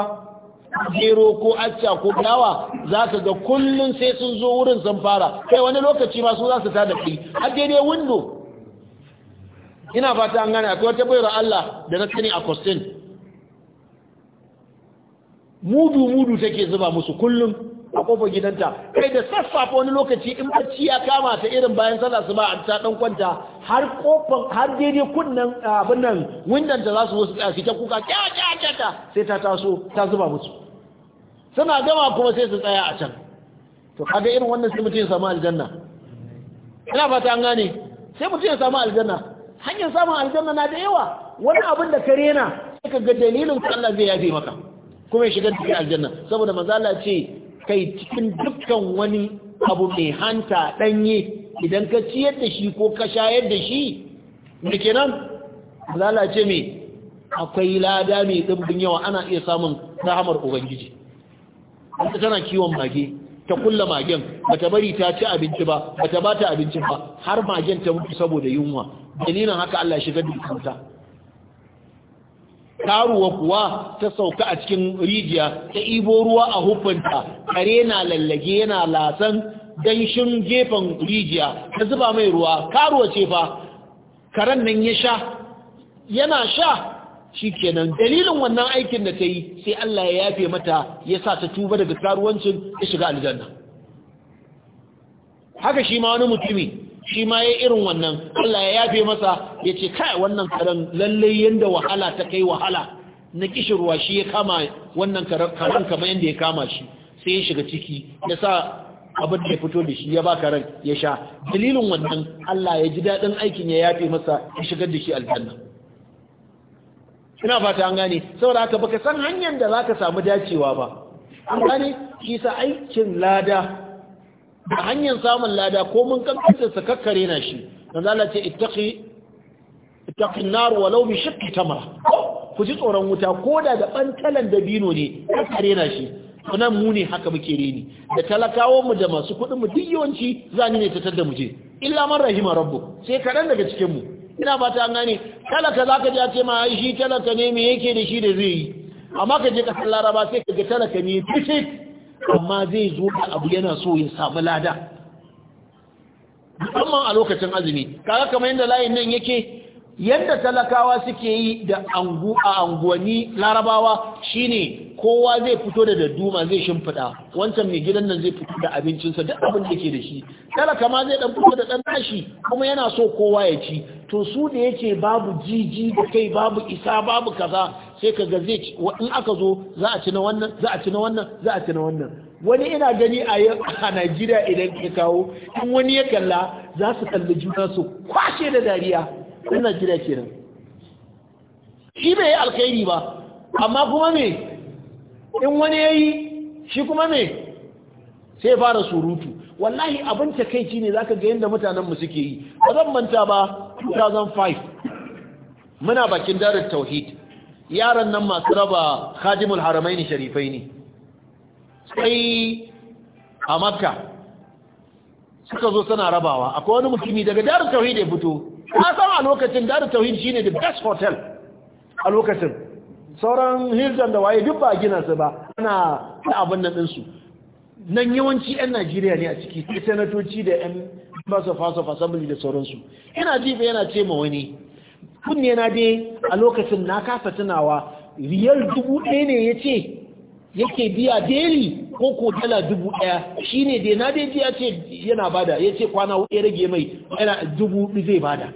gero ko acca ko dawa za ka ga kullum sai sun zo wurin sun fara kai wani lokaci ma su za su ta fi a daidai windo ina fata an gane akwai wata bayar Allah da na sani a Kwastin mudu mudu take zuba musu kullum a kofar gidanta kai da sassafe wani lokaci in bacci ya kama ta irin bayan sallah su ba a ta dan kwanta har kofar har daidai kunnan abin nan windan ta za su wasu tsaki ta kuka kya kya kya sai ta taso ta zuba musu suna gama kuma sai su tsaya a can to kaga irin wannan sai mutum ya samu aljanna ina fata an gane sai mutum ya samu aljanna hanyar samun aljanna na da yawa wani abin da ka rena sai ka ga dalilin ka Allah zai yafe maka kuma ya shiga cikin aljanna saboda manzo Allah ce kai cikin dukkan wani abu mai hanta ɗanye idan ka ciyar da shi ko ka shayar da shi da ke nan lalace mai akwai lada mai ɗimbin yawa ana iya samun rahamar ubangiji wata tana kiwon mage ta kulla magen bata bari ta ci abinci ba bata ba ta abinci ba har magen ta mutu saboda yunwa dalilin haka Allah shiga kanta karuwa kuwa ta sauka a cikin rijiya ta ibo ruwa a hukunta kare na lallage yana lasan danshin gefen rijiya ta zuba mai ruwa karuwa ce fa karen nan ya sha yana sha shi kenan dalilin wannan aikin da ta yi sai Allah ya yafe mata ya sa ta tuba daga karuwancin ya shiga aljanna haka shi ma wani mutumi shi ma ya irin wannan Allah ya yafe masa ya ce kai wannan karen lallai yadda wahala ta kai wahala na kishirwa shi ya kama wannan karen kamar yadda ya kama shi sai ya shiga ciki ya sa abin da ya fito da shi ya ba karen ya sha dalilin wannan Allah ya ji daɗin aikin ya yafe masa ya shigar da shi aljanna ina fata an gane saboda haka baka san hanyar da za ka samu dacewa ba an gane kisa aikin lada da hanyar samun lada ko mun kankanta sa kakkare na shi dan Allah ce ittaqi ittaqin nar walau bi ku ji tsoron wuta ko da da da dabino ne kakkare na shi nan mu ne haka muke reni da talakawonmu da masu kuɗin mu duk yawanci zani ne ta tadda mu je illa man rahima rabbu sai kaɗan daga cikin mu ina fata an gane talaka zaka ji a ce ma shi talaka ne me yake da shi da zai yi amma ka je kasar laraba sai ka ga talaka ne amma zai zo da abu yana so ya samu lada musamman a lokacin azumi kaga kamar yadda layin nan yake yadda talakawa suke yi da angu a anguwanni larabawa shine kowa zai fito da dadduma zai shimfiɗa wancan mai gidan nan zai fito da abincinsa duk abin da ke da shi talaka ma zai dan fito da dan tashi kuma yana so kowa ya ci to su da yake babu jiji da kai babu isa babu kaza sai ka gaze in aka zo za a ci na wannan za a ci na wannan za a ci na wannan wani ina gani a Najeriya idan ya kawo in wani ya kalla za su kalli juna su kwashe da dariya in Najeriya kenan shi bai yi alkhairi ba amma kuma me in wani ya yi shi kuma me sai fara surutu wallahi abin takaici ne zaka ga yadda mutanen mu suke yi ba zan manta ba 2005 muna bakin darin tauhid yaran nan masu raba haramai haramaini sharifai ne sai a makka suka zo suna rabawa akwai wani mutumi daga darin tauhid ya fito ta san a lokacin darin tauhid ne the best hotel a lokacin sauran hilton da waye duk ba a gina su ba ana abin nan ɗinsu nan yawanci 'yan najeriya ne a ciki sai sanatoci da 'yan masu fasa assembly da sauransu yana jifa yana ce ma wani kunne na dai a lokacin na kasa tunawa riyal dubu ɗaya ne ya ce yake biya daily ko ko dala dubu ɗaya shi ne dai na dai biya ce yana bada ya ce kwana ya rage mai yana dubu zai bada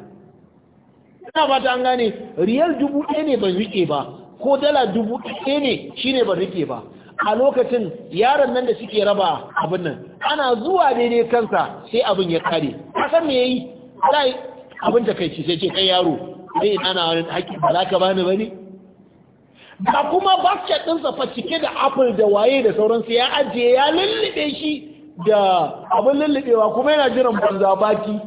yana fata an gane riyal dubu ɗaya ne ban rike ba ko dala dubu ɗaya ne shi ne ban rike ba a lokacin yaron nan da suke raba abin nan ana zuwa daidai kansa sai abin ya kare kasan me yayi sai abin da kai sai ce kai yaro sai ana wani haƙi ba za ka bani bane ba kuma basket ɗinsa fa cike da apple da waye da sauransu ya ajiye ya lullube shi da abin lullubewa kuma yana jiran banza baki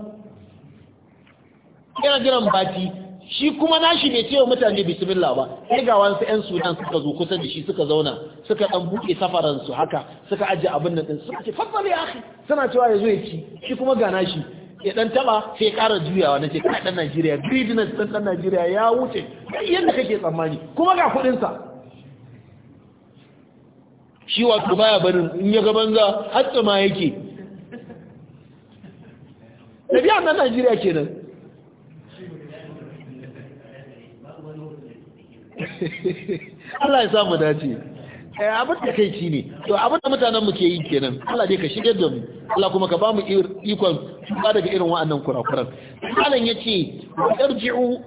yana jiran baki shi kuma nashi bai cewa mutane bismillah ba sai ga wasu ƴan sudan suka zo kusa da shi suka zauna suka dan buke safaran su haka suka aje abin nan din suka ce faddali akhi suna cewa yazo ya ci shi kuma ga nashi ya dan taba sai ƙara juyawa nace kai dan Najeriya greediness dan dan Najeriya ya wuce yanda kake tsammani kuma ga kudin sa shi wato baya barin in ya ga banza har tsama yake a na Najeriya kenan [laughs] Allah ya samu dace eh, abin da kai ne to abin da mutanen mu ke yi kenan Allah dai ka shigar da mu Allah kuma ka ba mu ikon ba daga irin wa'annan kurakuran malam yace yarji'u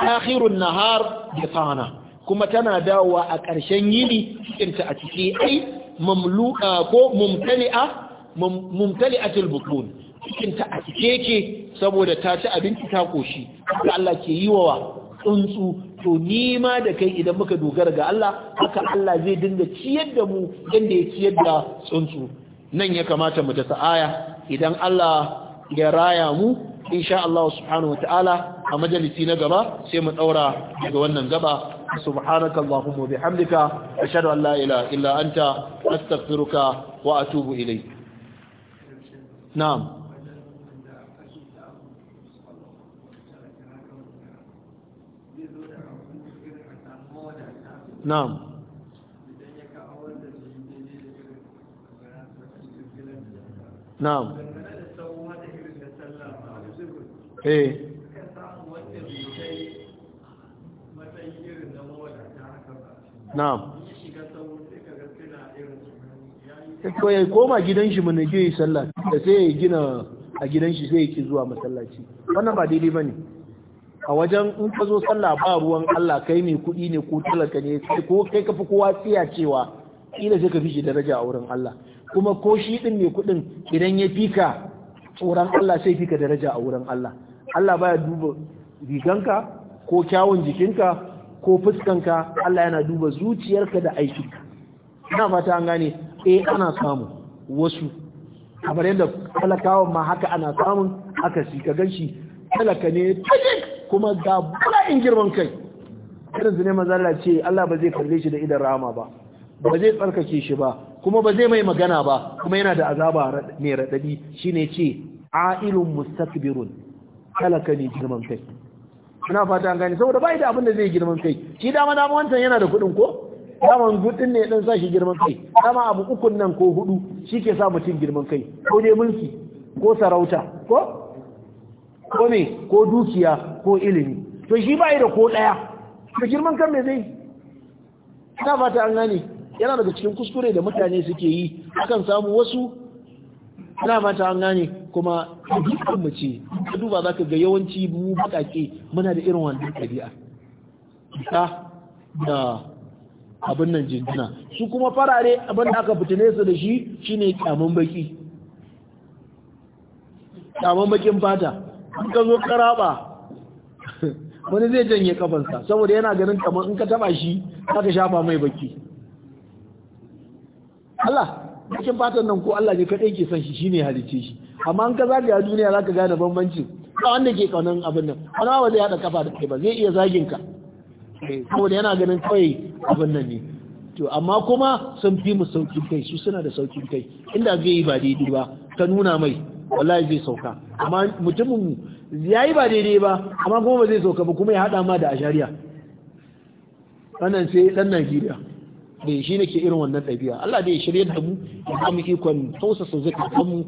akhirun nahar bi sana kuma tana dawowa a ƙarshen yini ta a cike ai mamlu'a ko mumtali'a mumtali'atul butun ta a cike yake saboda ta ci abinci ta koshi Allah ke yiwa wa tsuntsu to ni ma da kai idan muka dogara ga Allah haka Allah zai dinga ciyar da mu yadda ya ciyar da tsuntsu nan ya kamata mu dasa aya idan Allah ya raya mu insha Allah subhanahu wataala a majalisi na gaba sai mu daura daga wannan gaba subhanaka allahumma bihamdika ashhadu an la ilaha illa anta astaghfiruka wa atubu ilayk na'am na'am na'am eh na'am ko ya koma gidan shi mun yi sallah da sai ya gina a gidan shi sai ya ki zuwa masallaci wannan ba daidai bane a wajen in ka zo sallah ba ruwan Allah kai mai kuɗi ne ko talaka ne ko kai ka fi kowa tsiya cewa kila sai ka fi shi daraja a wurin Allah kuma ko shi din mai kuɗin idan ya fika tsoron Allah sai fika daraja a wurin Allah Allah baya duba riganka ko kyawun jikinka ko fuskanka Allah yana duba zuciyarka da aikinka ina fata an gane eh ana samu wasu kamar yadda talakawan ma haka ana samun aka shi ka ganshi talaka ne tajik kuma ga bala'in girman kai irin su ne ce Allah ba zai kalle shi da idan rama ba ba zai tsarkake shi ba kuma ba zai mai magana ba kuma yana da azaba mai raɗaɗi shi ne ce ailun mustakbirun talaka ne girman kai ina fata an gani saboda bai da abin da zai girman kai shi dama dama wancan yana da kuɗin ko daman gudun ne dan sa shi girman kai dama abu ukun nan ko hudu shi ke sa mutum girman kai ko dai mulki ko sarauta ko ko me ko dukiya ko ilimi to shi bai da ko daya Ka girman kan me zai ina fata an gane yana daga cikin kuskure da mutane suke yi akan samu wasu ina fata an gane kuma dukkan mace ka duba zaka ga yawanci mu bakake muna da irin wannan dabi'a ta da abin nan jinjina su kuma farare abin da aka fitine su da shi shine kyamun baki kyamun bakin fata in ka zo karaba wani zai janye kafansa saboda yana ganin kamar in ka taba shi ka shafa mai baki Allah cikin fatan nan ko Allah ne kadai ke son shi shine halice shi amma in ka a duniya zaka da bambanci ba wanda ke kaunan abin nan wani ba zai hada kafa da kai ba zai iya zagin ka eh, saboda yana ganin kawai abin nan ne to amma kuma sun fi mu saukin kai su suna da saukin kai inda zai yi ba daidai ba ka nuna mai wallahi zai sauka amma mutumin yayi ba daidai ba amma kuma ba zai sauka ba kuma ya hada ma da ashariya wannan sai dan Najeriya da eh, shi nake irin wannan ɗabi'a Allah da ya shirya da mu ya ba mu ikon tausasa zakatan mu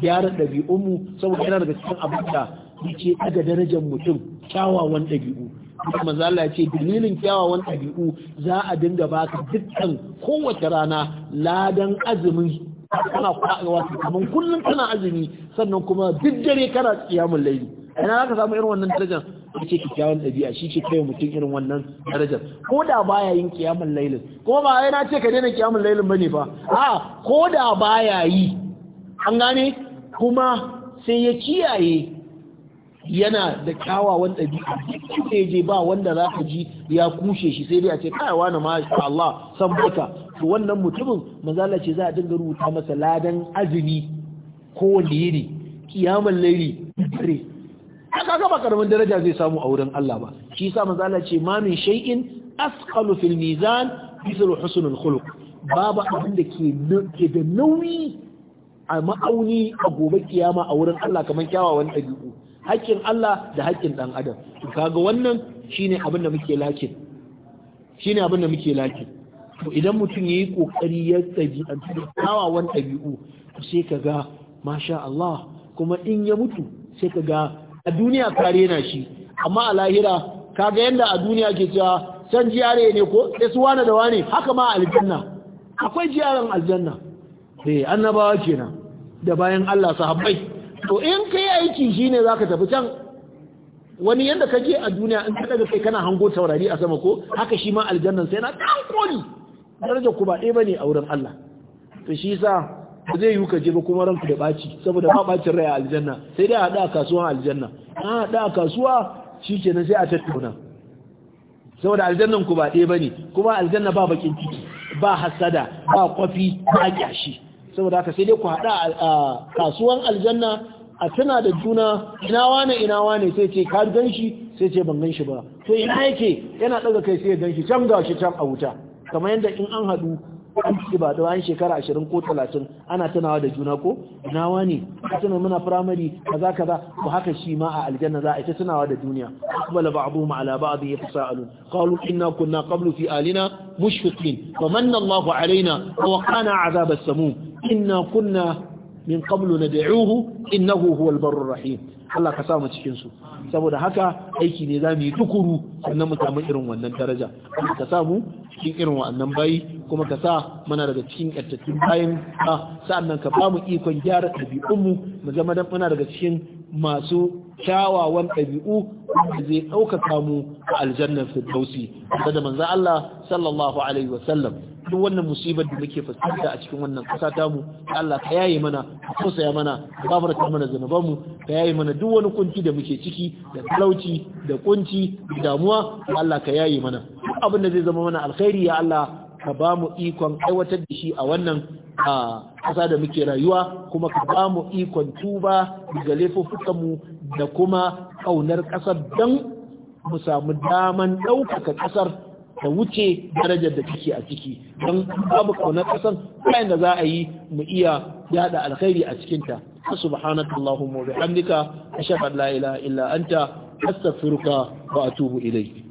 gyara ɗabi'un mu saboda yana daga cikin abin da yake daga darajar mutum kyawawan ɗabi'u kuma manzo Allah ya ce dalilin kyawawan ɗabi'u za a dinga baka dukkan kowace rana ladan azumin kana fa'awa kaman kullum kana azumi sannan kuma duk dare kana kiyamul layli ina ka samu irin wannan darajar ce kyakkyawan dabi'a shi ce kai mutum irin wannan darajar ko da baya yin kiyamun lailin ko ba na ce ka daina lailin ba ne fa a ko da baya yi an gane kuma sai ya kiyaye yana da kyawawan ɗabi'a sai je ba wanda za ka ji ya kushe shi sai dai a ce kai wani ma Allah san baka to wannan mutumin manzala ce za a dinga rubuta masa ladan azumi kowanne wani kiyamar lairi dare aka gaba karamin daraja zai samu a wurin Allah ba shi sa manzala ce ma min shay'in asqalu fil mizan bisul husnul khuluq babu abin da ke da nauyi a ma'auni a gobe kiyama a wurin Allah kamar kyawawan ɗabi'u haƙƙin Allah da haƙƙin ɗan adam kaga wannan shine abin da muke lakin shine abin da muke lakin to idan mutum ya yi ƙoƙari ya a cikin tsawawan ɗabi'u sai ka ga masha Allah kuma in ya mutu sai ka ga a duniya kare na shi amma a lahira ka ga yadda a duniya ke cewa san jiyare ne ko su wane da wane haka ma aljanna akwai jiyaren aljanna eh annabawa kenan da bayan Allah sahabbai to in ka yi aiki shine ka tafi can wani yadda ka je a duniya in ka daga kai kana hango taurari a sama ko haka shi ma aljannan sai na ɗan koli darajar ku ba ɗaya bane a wurin Allah to shi yasa ba zai yi ka je ba kuma ranku da ɓaci saboda ba ɓacin rai a aljanna sai dai a haɗa a kasuwa aljanna a haɗa a kasuwa shi kenan sai a tattauna saboda aljannan ku ba ɗaya bane kuma aljanna ba bakin ciki ba hasada ba kwafi ba kyashi saboda haka sai dai ku haɗa a kasuwan aljanna a tuna da juna ina wane ina wane sai ce ka gan shi sai ce ban gan shi ba to ina yake yana ɗaga kai sai ya gan shi can ga shi can a wuta kamar yadda in an haɗu an ba da bayan shekara ashirin ko talatin ana tunawa da juna ko nawa ne ka tuna muna firamare kaza za ko haka shi ma a aljanna za a ita tunawa da duniya aqbala ba'dhum ala ba'd yatasaalun qalu inna kunna kablu fi alina mushfiqin famanna Allahu alaina wa qana 'adhab as-samum inna kunna min qablu nad'uuhu innahu huwal barrur rahim Allah ka sa mu cikin su saboda haka aiki ne za mu yi tukuru sannan mu samu irin wannan daraja ka sa mu cikin irin wannan bayi kuma ka sa mana daga cikin ƙattattun bayin sa'annan ka ba mu ikon gyara ɗabi'unmu mu zama dan muna daga cikin masu kyawawan ɗabi'u wanda zai ɗaukaka mu a aljannar firdausi da manzan Allah sallallahu alaihi wasallam duk wannan musibar da muke fuskanta a cikin wannan ƙasa ta mu Allah ka yaye mana ka tausaya mana ka gafarta mana zanuban mu ka yaye mana duk wani kunci da muke ciki da talauci da kunci da damuwa Allah ka yaye mana abin da zai zama mana alkhairi ya Allah ka ba mu ikon aiwatar da shi a wannan a ƙasa da muke rayuwa kuma ka ba mu ikon tuba daga laifuffukanmu da kuma ƙaunar ƙasar don mu samu daman ɗaukaka ƙasar da wuce darajar da take a ciki don babu ƙaunar ƙasar bayan da za a yi mu iya yada alkhairi a cikinta subhanaka allahumma wa bihamdika ashhadu an la ilaha illa anta astaghfiruka wa atubu ilayk